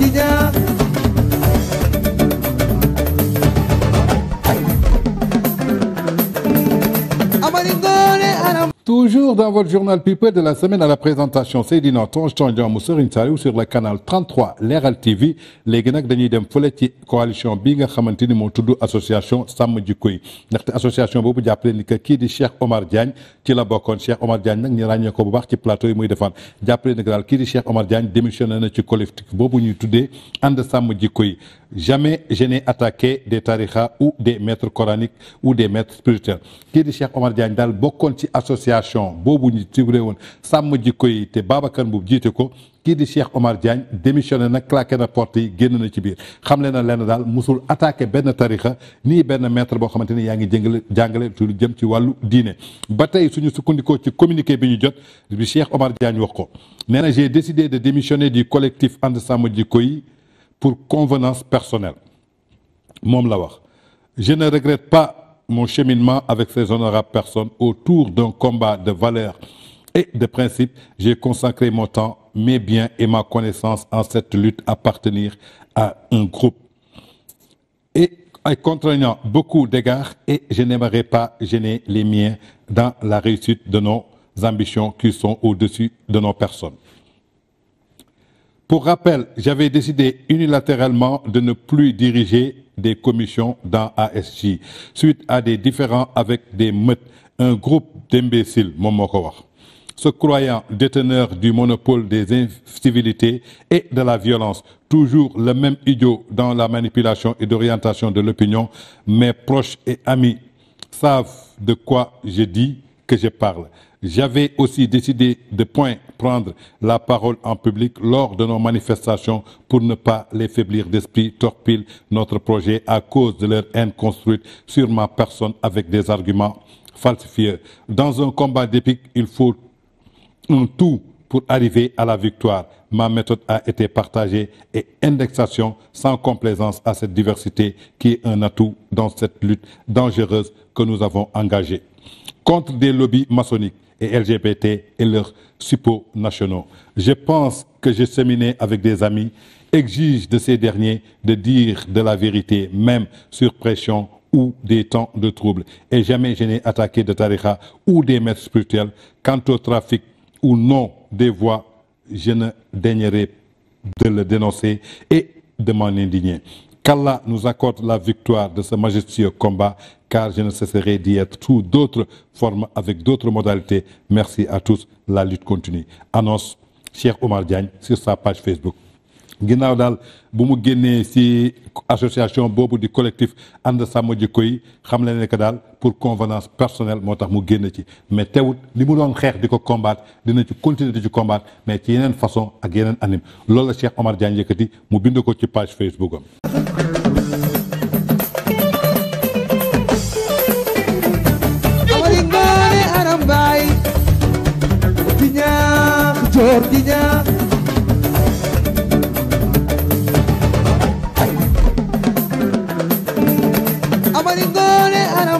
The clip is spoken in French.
Khadija Toujours dans votre journal People de la semaine à la présentation c'est dit Tondiamou ton Saliou sur le canal 33 Leral TV les nag dañuy dem fële ci coalition bi nga xamante tudd association Sàmm Jikko association boobu jàppale appeler que kii di Cheikh Omar Diagne qui la beaucoup Cheikh Omar Diagne nag ñu ràññee ko bu baax ci plateau et mouille de jàppale ni que daal di Cheikh Omar Diagne démissionné na ci collectif vous ñuy tuddee ànd Sàmm Jikko Yi jamais je n'ai attaqué des tariha ou des maîtres coraniques ou des maîtres spirituels kii di Cheikh Omar Diagne daal bokkoon ci association association boobu ñu ciblé woon sàmm jikko yi te Babacar Mboup jiite ko ki di Cheikh Omar Diagne démissionné n'a claqué na porte yi génn na ci biir xam na lenn dal musul attaquer ben tarixa ni ben maître bo xamanteni ni yaa ngi jëngale jàngale lu jëm ci walu diiné ba tey suñu sukkandikoo ci communiquer biñu jot bi Cheikh Omar Diagne wax ko j'ai décidé de démissionner du collectif And Sàmm Jikko pour convenance personnelle mom la wax je ne regrette pas mon cheminement avec ces honorables personnes autour d'un combat de valeurs et de principes, j'ai consacré mon temps, mes biens et ma connaissance en cette lutte à appartenir à un groupe. Et contraignant beaucoup d'égards, et je n'aimerais pas gêner les miens dans la réussite de nos ambitions qui sont au-dessus de nos personnes. Pour rappel, j'avais décidé unilatéralement de ne plus diriger des commissions dans ASJ suite à des différends avec des meutes un groupe d'imbéciles mon croyant déteneur du monopole des incivilités et de la violence toujours le même idiot dans la manipulation et d'orientation de l'opinion mes proches et amis savent de quoi je dis que je parle j'avais aussi décidé de point prendre la parole en public lors de nos manifestations pour ne pas les faiblir d'esprit, torpille notre projet à cause de leur haine construite sur ma personne avec des arguments falsifiés. Dans un combat d'épique, il faut tout pour arriver à la victoire. Ma méthode a été partagée et indexation sans complaisance à cette diversité qui est un atout dans cette lutte dangereuse que nous avons engagée. Contre des lobbies maçonniques, et LGBT et leurs suppôts nationaux. Je pense que j'ai séminé avec des amis, exige de ces derniers de dire de la vérité, même sur pression ou des temps de trouble. Et jamais je n'ai attaqué de tariqa ou des maîtres spirituels. Quant au trafic ou non des voix, je ne daignerai de le dénoncer et de m'en indigner qu'Allah nous accorde la victoire de ce majestueux combat, car je ne cesserai d'y être sous d'autres formes, avec d'autres modalités. Merci à tous, la lutte continue. Annonce Cher Omar Diagne sur sa page Facebook. ginnaaw daal bu mu ci association Bobo di collectif ànd sàmm jikko xam pour convenance personnelle moo tax mu mais teewut li mu doon xeex di ko combattre dina ci continuer de ci combattre mais ci une façon ak un anime loolu Cheikh Omar Diagne yëkkati mu bind ko ci page Facebook Thank you.